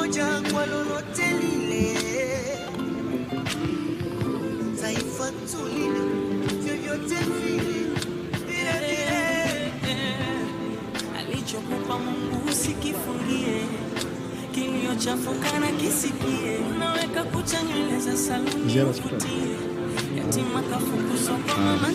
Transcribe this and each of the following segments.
pamoja kwa lolote lile, taifa vyovyote vile, alichokupa Mungu usikifungie, kiliochafuka na kisikie, naweka kucha nywele za saluni ukutie, yatima kafukuzwa kwa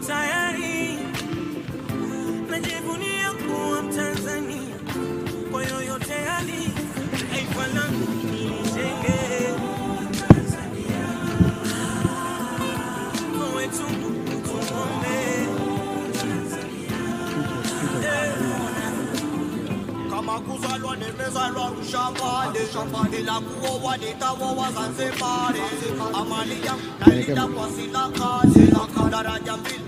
tayari, najivunia kuwa Mtanzania kwa yoyote hali. Taifa langu nijenge kama kuzalwa nimezalwa Arusha pale, shambani la kuoa nitaoa wa Zanzibari, amali yangu nalinda kwa sina kazi, daraja mbili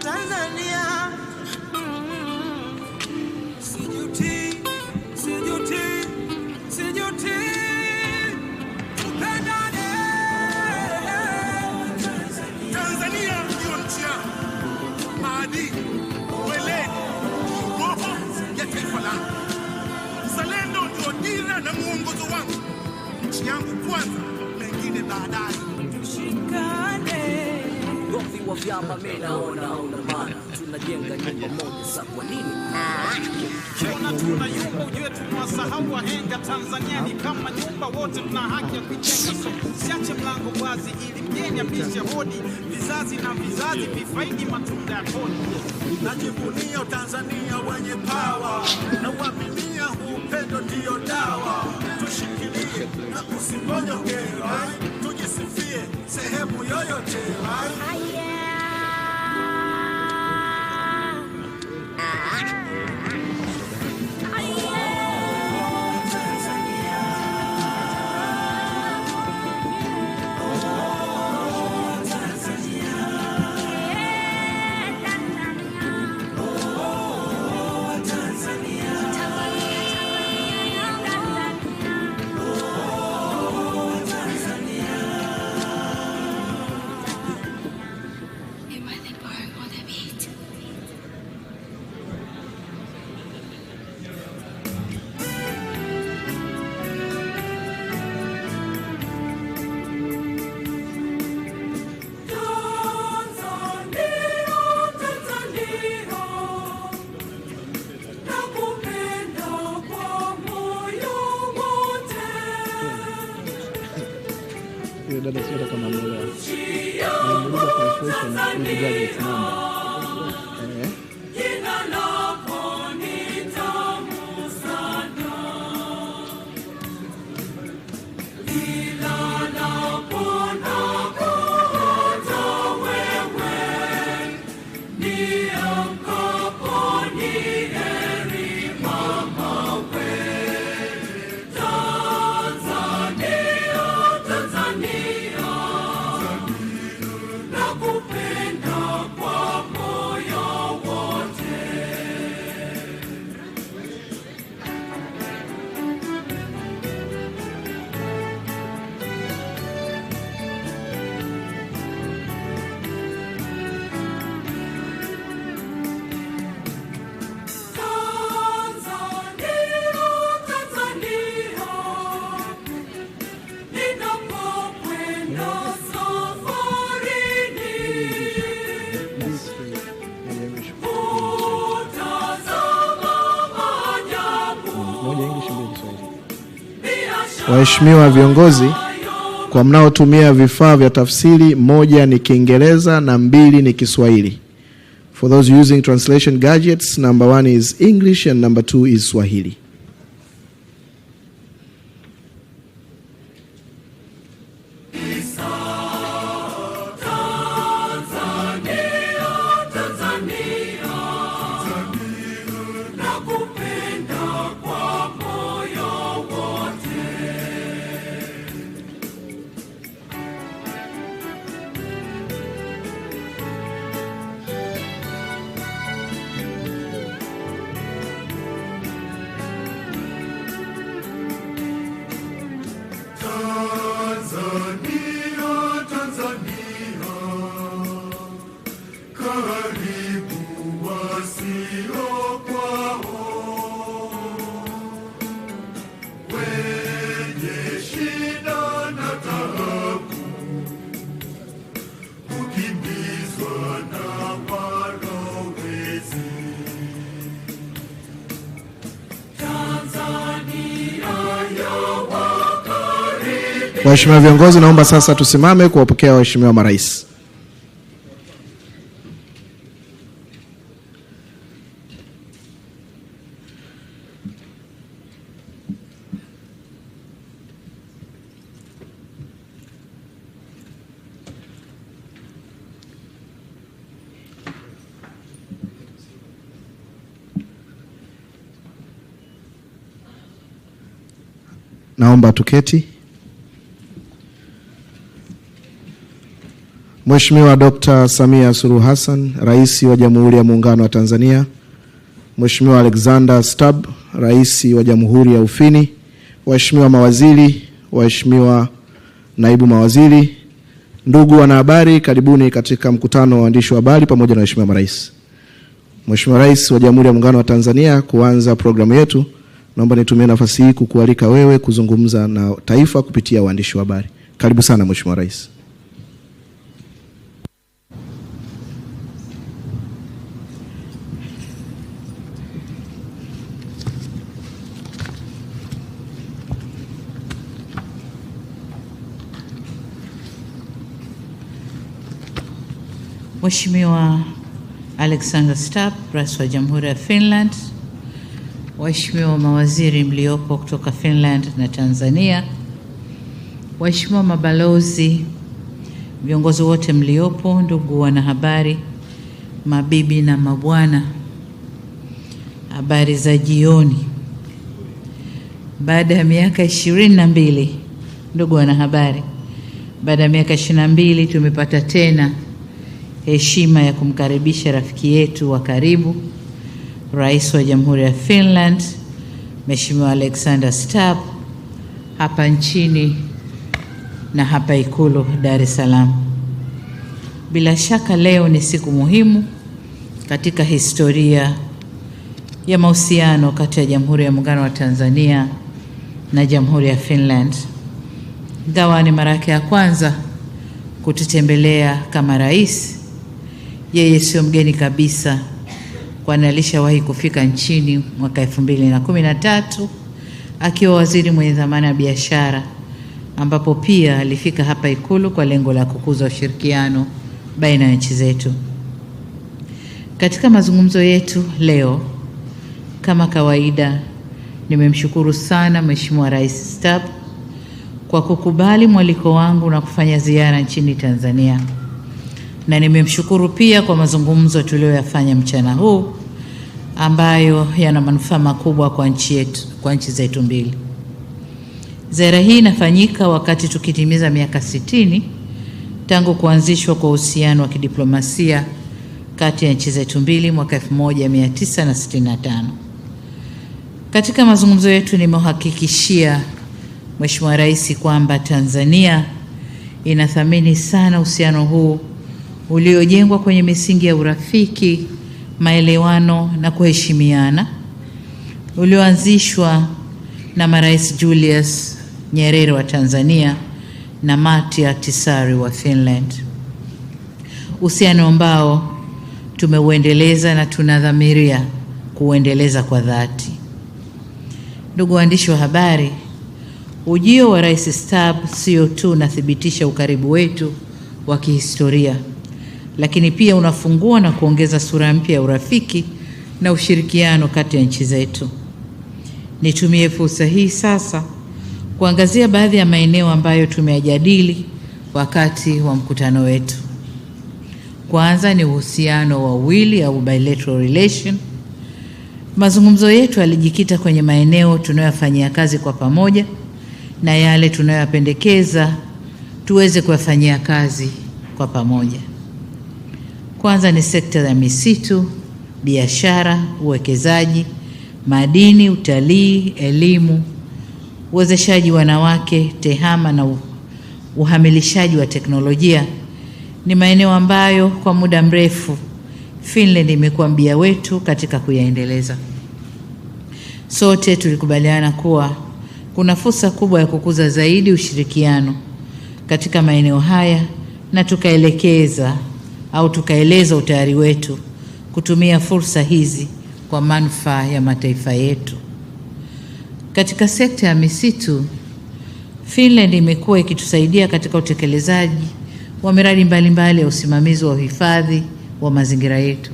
Tanzania. kama mimi naona hauna maana, tunajenga nyumba moja sasa. Kwa nini ona tunayumba? Ujue tunawasahau wahenga. Tanzania ni kama nyumba, wote tuna haki ya kujenga, so siache mlango wazi, ili mgeni apishe hodi, vizazi na vizazi vifaidi matunda ya kodi. Najivunia Tanzania wenye pawa na uaminia, hupendo upendo ndio dawa, tushikilie na usiponyoke, tujisifie sehemu yoyote. waheshimiwa viongozi, kwa mnaotumia vifaa vya tafsiri, moja ni Kiingereza na mbili ni Kiswahili. For those using translation gadgets, number one is English and number two is Swahili. Waheshimiwa viongozi, naomba sasa tusimame kuwapokea waheshimiwa marais. Naomba tuketi. Mheshimiwa Dr. Samia Suluhu Hassan, Rais wa Jamhuri ya Muungano wa Tanzania, Mheshimiwa Alexander Stubb, Rais wa Jamhuri ya Ufini, waheshimiwa mawaziri, waheshimiwa naibu mawaziri, ndugu wanahabari, karibuni katika mkutano wa waandishi wa habari pamoja na waheshimiwa marais. Mheshimiwa Rais wa Jamhuri ya Muungano wa Tanzania, kuanza programu yetu, naomba nitumie nafasi hii kukualika wewe kuzungumza na taifa kupitia waandishi wa habari. Karibu sana Mheshimiwa Rais. Mheshimiwa Alexander Stubb, Rais wa Jamhuri ya Finland, waheshimiwa mawaziri mliopo kutoka Finland na Tanzania, waheshimiwa mabalozi, viongozi wote mliopo, ndugu wanahabari, mabibi na mabwana, habari za jioni. Baada ya miaka ishirini na mbili, ndugu wanahabari, baada ya miaka ishirini na mbili tumepata tena heshima ya kumkaribisha rafiki yetu wa karibu Rais wa Jamhuri ya Finland Mheshimiwa Alexander Stubb hapa nchini na hapa Ikulu Dar es Salaam. Bila shaka leo ni siku muhimu katika historia ya mahusiano kati ya Jamhuri ya Muungano wa Tanzania na Jamhuri ya Finland. Ingawa ni mara yake ya kwanza kututembelea kama rais, yeye sio mgeni kabisa, kwani alishawahi kufika nchini mwaka elfu mbili na kumi na tatu akiwa waziri mwenye dhamana ya biashara, ambapo pia alifika hapa Ikulu kwa lengo la kukuza ushirikiano baina ya nchi zetu. Katika mazungumzo yetu leo, kama kawaida, nimemshukuru sana Mheshimiwa Rais Staafu kwa kukubali mwaliko wangu na kufanya ziara nchini Tanzania na nimemshukuru pia kwa mazungumzo tuliyoyafanya mchana huu ambayo yana manufaa makubwa kwa nchi yetu, kwa nchi zetu mbili. Ziara hii inafanyika wakati tukitimiza miaka sitini tangu kuanzishwa kwa uhusiano wa kidiplomasia kati ya nchi zetu mbili mwaka 1965. Katika mazungumzo yetu nimehakikishia Mheshimiwa Rais kwamba Tanzania inathamini sana uhusiano huu uliojengwa kwenye misingi ya urafiki, maelewano na kuheshimiana, ulioanzishwa na marais Julius Nyerere wa Tanzania na matia Ahtisaari wa Finland, uhusiano ambao tumeuendeleza na tunadhamiria kuuendeleza kwa dhati. Ndugu waandishi wa habari, ujio wa Rais Stubb sio tu unathibitisha ukaribu wetu wa kihistoria lakini pia unafungua na kuongeza sura mpya ya urafiki na ushirikiano kati ya nchi zetu. Nitumie fursa hii sasa kuangazia baadhi ya maeneo ambayo tumeyajadili wakati wa mkutano wetu. Kwanza ni uhusiano wa wili au bilateral relation. Mazungumzo yetu yalijikita kwenye maeneo tunayofanyia kazi kwa pamoja na yale tunayoyapendekeza tuweze kuyafanyia kazi kwa pamoja. Kwanza ni sekta ya misitu, biashara, uwekezaji, madini, utalii, elimu, uwezeshaji wanawake, tehama na uhamilishaji wa teknolojia. Ni maeneo ambayo kwa muda mrefu Finland imekuwa mbia wetu katika kuyaendeleza. Sote tulikubaliana kuwa kuna fursa kubwa ya kukuza zaidi ushirikiano katika maeneo haya na tukaelekeza au tukaeleza utayari wetu kutumia fursa hizi kwa manufaa ya mataifa yetu. Katika sekta ya misitu, Finland imekuwa ikitusaidia katika utekelezaji wa miradi mbalimbali ya usimamizi wa uhifadhi wa mazingira yetu.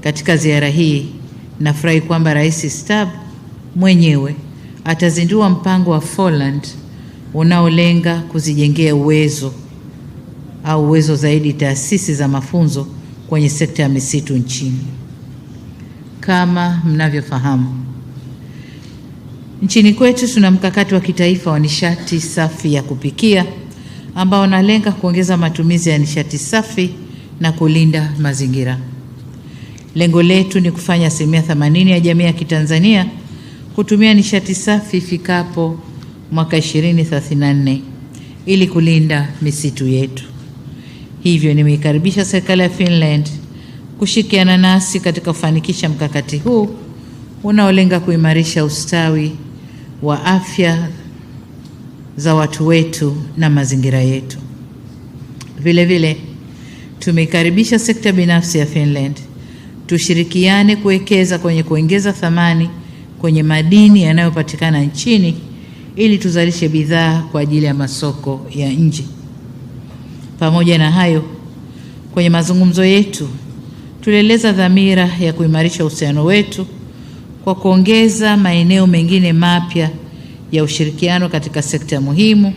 Katika ziara hii, nafurahi kwamba Rais Stubb mwenyewe atazindua mpango wa Finland unaolenga kuzijengea uwezo au uwezo zaidi taasisi za mafunzo kwenye sekta ya misitu nchini. Kama mnavyofahamu, nchini kwetu tuna mkakati wa kitaifa wa nishati safi ya kupikia ambao unalenga kuongeza matumizi ya nishati safi na kulinda mazingira. Lengo letu ni kufanya asilimia themanini ya jamii ya Kitanzania kutumia nishati safi ifikapo mwaka 2034 ili kulinda misitu yetu. Hivyo nimeikaribisha serikali ya Finland kushirikiana nasi katika kufanikisha mkakati huu unaolenga kuimarisha ustawi wa afya za watu wetu na mazingira yetu. Vile vile tumeikaribisha sekta binafsi ya Finland tushirikiane kuwekeza kwenye kuongeza thamani kwenye madini yanayopatikana nchini ili tuzalishe bidhaa kwa ajili ya masoko ya nje. Pamoja na hayo, kwenye mazungumzo yetu tulieleza dhamira ya kuimarisha uhusiano wetu kwa kuongeza maeneo mengine mapya ya ushirikiano katika sekta muhimu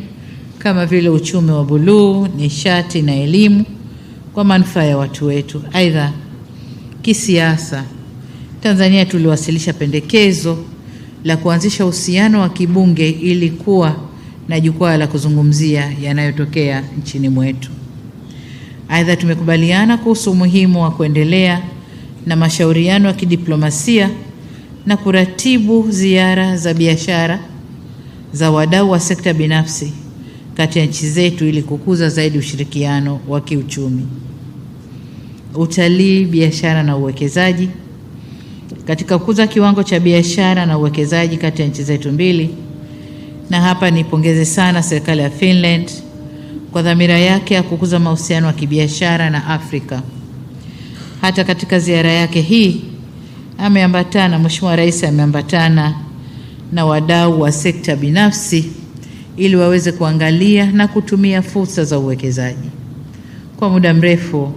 kama vile uchumi wa buluu, nishati na elimu kwa manufaa ya watu wetu. Aidha, kisiasa, Tanzania tuliwasilisha pendekezo la kuanzisha uhusiano wa kibunge ili kuwa na jukwaa la kuzungumzia yanayotokea nchini mwetu. Aidha, tumekubaliana kuhusu umuhimu wa kuendelea na mashauriano ya kidiplomasia na kuratibu ziara za biashara za wadau wa sekta binafsi kati ya nchi zetu ili kukuza zaidi ushirikiano wa kiuchumi, utalii, biashara na uwekezaji. Katika kukuza kiwango cha biashara na uwekezaji kati ya nchi zetu mbili na hapa nipongeze sana serikali ya Finland kwa dhamira yake ya kukuza mahusiano ya kibiashara na Afrika. Hata katika ziara yake hii ameambatana, Mheshimiwa Rais ameambatana na wadau wa sekta binafsi ili waweze kuangalia na kutumia fursa za uwekezaji. Kwa muda mrefu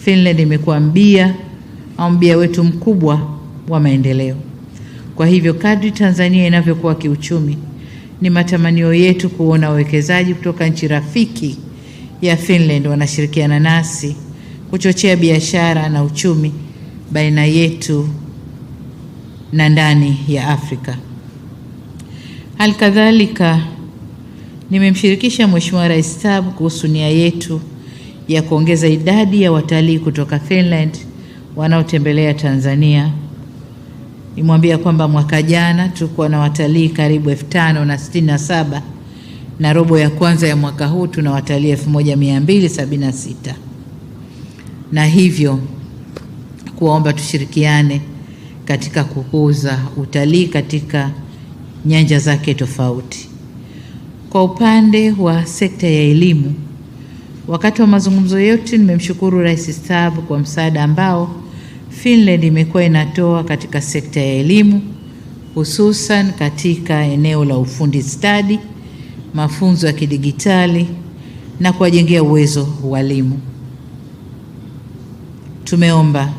Finland imekuwa mbia au mbia wetu mkubwa wa maendeleo. Kwa hivyo kadri Tanzania inavyokuwa kiuchumi ni matamanio yetu kuona wawekezaji kutoka nchi rafiki ya Finland wanashirikiana nasi kuchochea biashara na uchumi baina yetu na ndani ya Afrika. Halikadhalika, nimemshirikisha Mheshimiwa Rais Tabu kuhusu nia yetu ya kuongeza idadi ya watalii kutoka Finland wanaotembelea Tanzania nimwambia kwamba mwaka jana tulikuwa na watalii karibu elfu tano na sitini na saba na robo ya kwanza ya mwaka huu tuna watalii elfu moja mia mbili sabini na sita na hivyo kuwaomba tushirikiane katika kukuza utalii katika nyanja zake tofauti. Kwa upande wa sekta ya elimu, wakati wa mazungumzo yetu, nimemshukuru Rais stab kwa msaada ambao Finland imekuwa inatoa katika sekta ya elimu, hususan katika eneo la ufundi stadi, mafunzo ya kidigitali na kuwajengea uwezo walimu. Tumeomba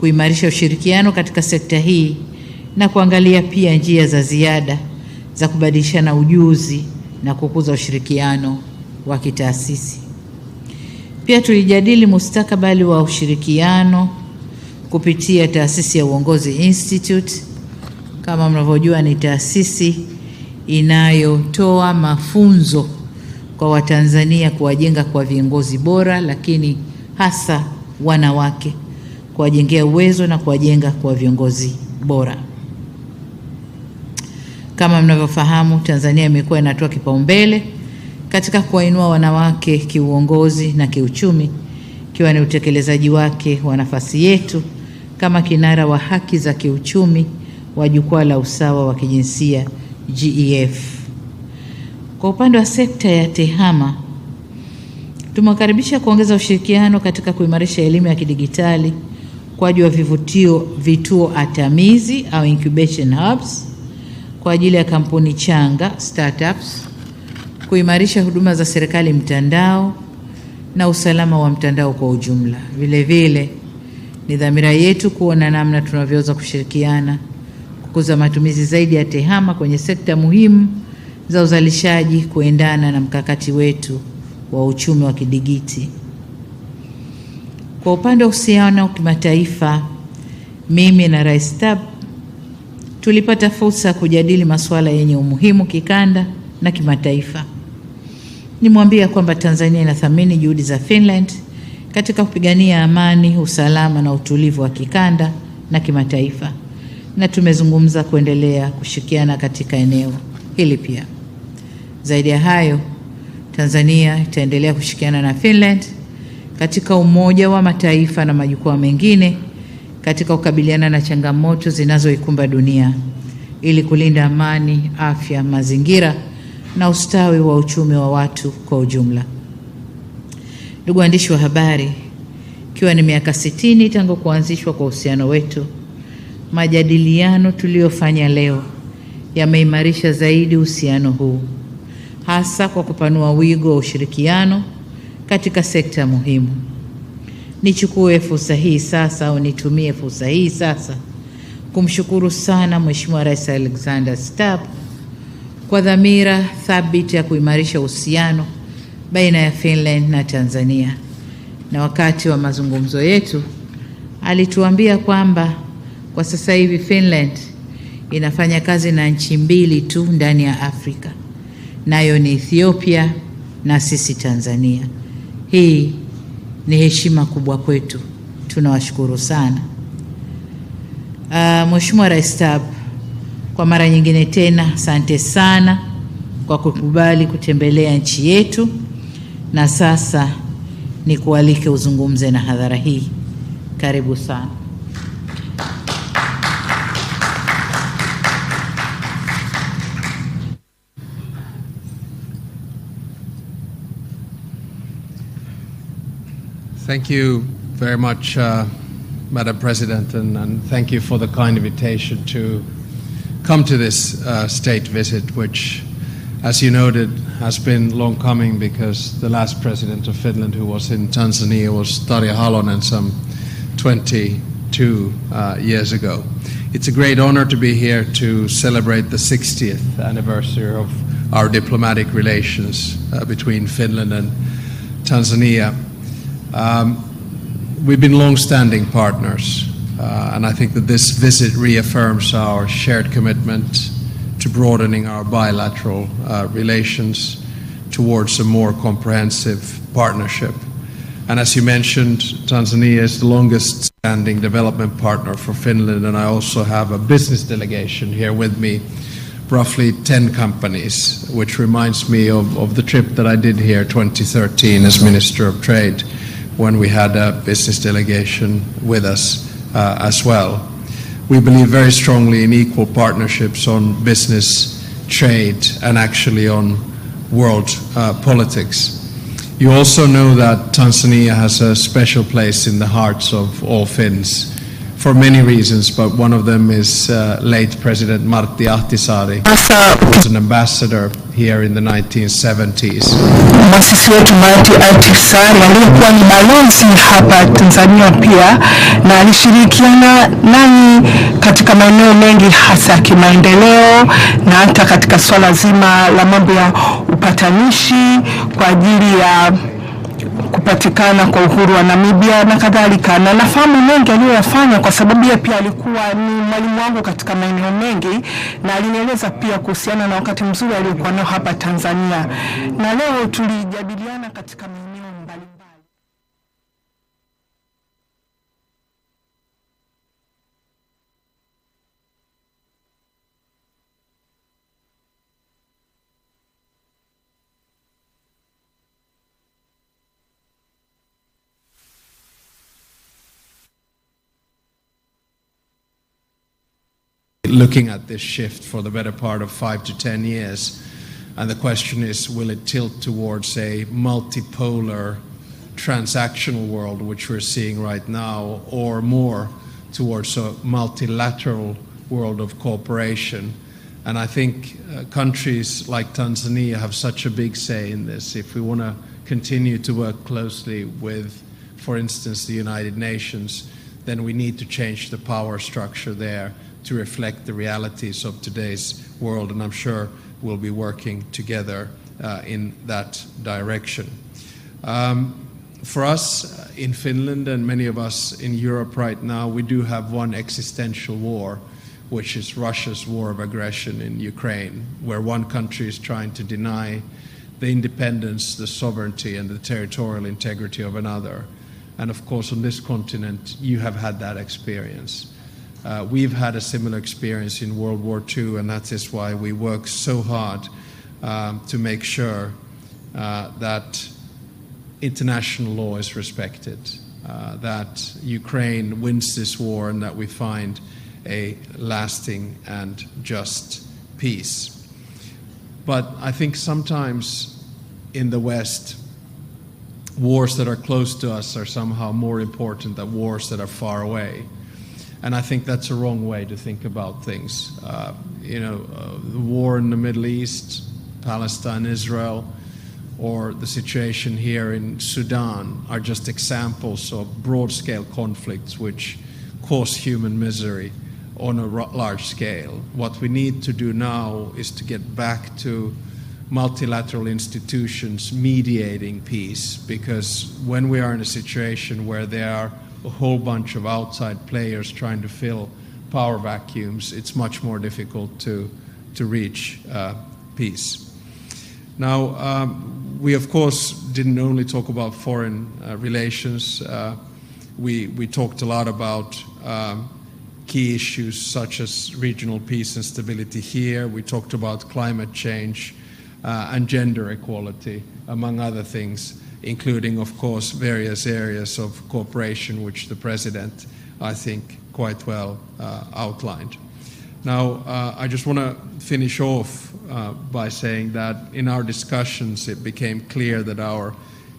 kuimarisha ushirikiano katika sekta hii na kuangalia pia njia za ziada za kubadilishana ujuzi na kukuza ushirikiano wa kitaasisi. Pia tulijadili mustakabali wa ushirikiano kupitia taasisi ya Uongozi Institute. Kama mnavyojua, ni taasisi inayotoa mafunzo kwa Watanzania kuwajenga kwa viongozi bora, lakini hasa wanawake, kuwajengea uwezo na kuwajenga kwa viongozi bora. Kama mnavyofahamu, Tanzania imekuwa inatoa kipaumbele katika kuwainua wanawake kiuongozi na kiuchumi, ikiwa ni utekelezaji wake wa nafasi yetu kama kinara wa haki za kiuchumi wa jukwaa la usawa wa kijinsia GEF. Kwa upande wa sekta ya TEHAMA tumewakaribisha kuongeza ushirikiano katika kuimarisha elimu ya kidigitali kwa ajili ya vivutio vituo atamizi au incubation hubs kwa ajili ya kampuni changa startups, kuimarisha huduma za serikali mtandao na usalama wa mtandao kwa ujumla. Vile vile ni dhamira yetu kuona namna tunavyoweza kushirikiana kukuza matumizi zaidi ya TEHAMA kwenye sekta muhimu za uzalishaji kuendana na mkakati wetu wa uchumi wa kidigiti. Kwa upande wa uhusiano wa kimataifa, mimi na Rais Tab tulipata fursa ya kujadili masuala yenye umuhimu kikanda na kimataifa. Nimwambia kwamba Tanzania inathamini juhudi za Finland katika kupigania amani, usalama na utulivu wa kikanda na kimataifa, na tumezungumza kuendelea kushirikiana katika eneo hili pia. Zaidi ya hayo, Tanzania itaendelea kushirikiana na Finland katika Umoja wa Mataifa na majukwaa mengine katika kukabiliana na changamoto zinazoikumba dunia ili kulinda amani, afya, mazingira na ustawi wa uchumi wa watu kwa ujumla. Ndugu waandishi wa habari, ikiwa ni miaka sitini tangu kuanzishwa kwa uhusiano wetu, majadiliano tuliyofanya leo yameimarisha zaidi uhusiano huu, hasa kwa kupanua wigo wa ushirikiano katika sekta muhimu. Nichukue fursa hii sasa au nitumie fursa hii sasa kumshukuru sana Mheshimiwa Rais Alexander Stubb kwa dhamira thabiti ya kuimarisha uhusiano baina ya Finland na Tanzania, na wakati wa mazungumzo yetu alituambia kwamba kwa sasa hivi Finland inafanya kazi na nchi mbili tu ndani ya Afrika, nayo ni Ethiopia na sisi Tanzania. Hii ni heshima kubwa kwetu, tunawashukuru sana. Uh, Mheshimiwa Rais tab kwa mara nyingine tena, asante sana kwa kukubali kutembelea nchi yetu. Na sasa uzungumze na hadhara hii. Karibu sana. Thank you very much, uh, Madam President, and, and, thank you for the kind invitation to come to this uh, state visit, which, as you noted, has been long coming because the last president of Finland who was in Tanzania was Tarja Halonen some 22 uh, years ago. It's a great honor to be here to celebrate the 60th anniversary of our diplomatic relations uh, between Finland and Tanzania. Um, we've been long-standing partners, uh, and I think that this visit reaffirms our shared commitment to broadening our bilateral uh, relations towards a more comprehensive partnership. and As you mentioned, Tanzania is the longest-standing development partner for Finland, and I also have a business delegation here with me, roughly 10 companies, which reminds me of the trip that I did here 2013 as Minister of Trade when we had a business delegation with us uh, as well we believe very strongly in equal partnerships on business, trade, and actually on world uh, politics. You also know that Tanzania has a special place in the hearts of all Finns for many reasons, but one of them is uh, late President Martti Ahtisaari was an ambassador here in the 1970s. Mwasisi wetu Martti Ahtisaari aliyekuwa ni balozi hapa Tanzania pia na alishirikiana nani katika maeneo mengi hasa ya kimaendeleo na hata katika swala zima la mambo ya upatanishi kwa ajili ya kupatikana kwa uhuru wa Namibia na kadhalika, na nafahamu mengi aliyoyafanya kwa sababu yeye pia alikuwa ni mwalimu wangu katika maeneo mengi, na alinieleza pia kuhusiana na wakati mzuri aliokuwa nao hapa Tanzania, na leo tulijadiliana katika maeneo looking at this shift for the better part of 5-10 to years. and The question is, will it tilt towards a multipolar transactional world, which we're seeing right now, or more towards a multilateral world of cooperation? And I think uh, countries like Tanzania have such a big say in this. If we want to continue to work closely with, for instance, the United Nations, then we need to change the power structure there to reflect the realities of today's world, and I'm sure we'll be working together uh, in that direction. Um, for us uh, in Finland and many of us in Europe right now, we do have one existential war, which is Russia's war of aggression in Ukraine, where one country is trying to deny the independence, the sovereignty, and the territorial integrity of another. And of course, on this continent, you have had that experience. Uh, we've had a similar experience in World War II, and that is why we work so hard um, to make sure uh, that international law is respected, uh, that Ukraine wins this war, and that we find a lasting and just peace. But I think sometimes in the West, wars that are close to us are somehow more important than wars that are far away and I think that's a wrong way to think about things. Uh, you know, uh, the war in the Middle East, Palestine, Israel, or the situation here in Sudan are just examples of broad scale conflicts which cause human misery on a large scale. What we need to do now is to get back to multilateral institutions mediating peace because when we are in a situation where there are a whole bunch of outside players trying to fill power vacuums, it's much more difficult to reach uh, peace. Now, um, we, of course, didn't only talk about foreign uh, relations. Uh, we talked a lot about um, key issues such as regional peace and stability here. We talked about climate change and gender equality, among other things including, of course, various areas of cooperation, which the president, I think, quite well uh, outlined. Now, uh, I just want to finish off uh, by saying that in our discussions, it became clear that our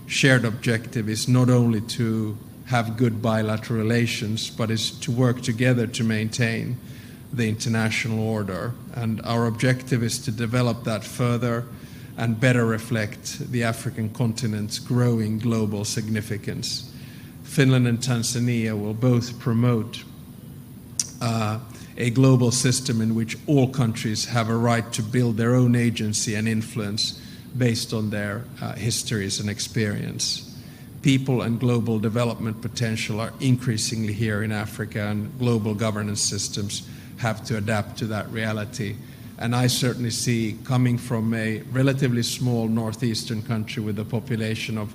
shared objective is not only to have good bilateral relations, but is to work together to maintain the international order. And our objective is to develop that further and better reflect the African continent's growing global significance. Finland and Tanzania will both promote uh, a global system in which all countries have a right to build their own agency and influence based on their uh, histories and experience. People and global development potential are increasingly here in Africa, and global governance systems have to adapt to that reality and I certainly see coming from a relatively small northeastern country with a population of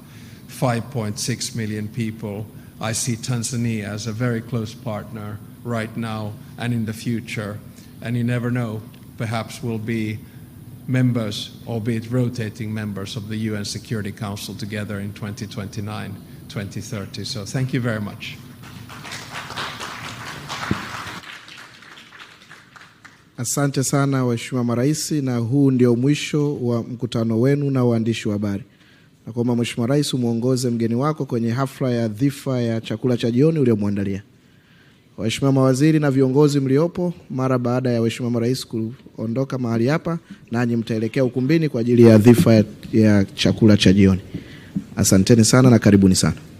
5.6 million people, I see Tanzania as a very close partner right now and in the future. And you never know, perhaps we'll be members, albeit rotating members, of the UN Security Council together in 2029, 2030. So thank you very much. Asante sana waheshimiwa marais, na huu ndio mwisho wa mkutano wenu na waandishi wa habari. Nakuomba Mheshimiwa Rais umwongoze mgeni wako kwenye hafla ya dhifa ya chakula cha jioni uliomwandalia. Waheshimiwa mawaziri na viongozi mliopo, mara baada ya waheshimiwa marais kuondoka mahali hapa, nanyi mtaelekea ukumbini kwa ajili ya dhifa ya chakula cha jioni. Asanteni sana na karibuni sana.